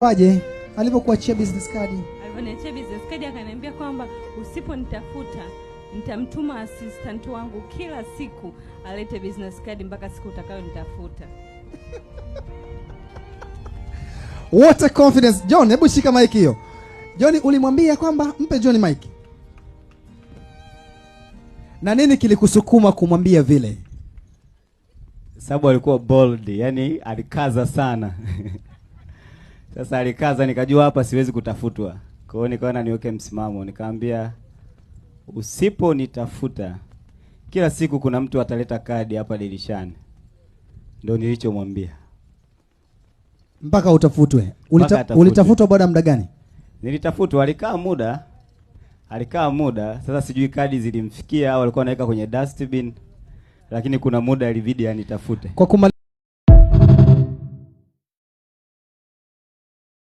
Waje alivyokuachia business card. Alivyoniachia business card akaniambia kwamba usiponitafuta nitamtuma assistant wangu kila siku alete business card mpaka siku utakayonitafuta. What a confidence. John, hebu shika mic hiyo. John ulimwambia kwamba mpe John mic. Na nini kilikusukuma kumwambia vile? Sababu alikuwa bold, yani alikaza sana. Sasa alikaza, nikajua hapa siwezi kutafutwa. Kwa hiyo nikaona niweke msimamo, nikaambia usiponitafuta kila siku kuna mtu ataleta kadi hapa dirishani. Ndio nilichomwambia. Mpaka utafutwe. Ulita, ulitafutwa baada ya muda gani? Nilitafutwa, alikaa muda, alikaa muda. Sasa sijui kadi zilimfikia au alikuwa anaweka kwenye dustbin, lakini kuna muda ilibidi anitafute kwa kumali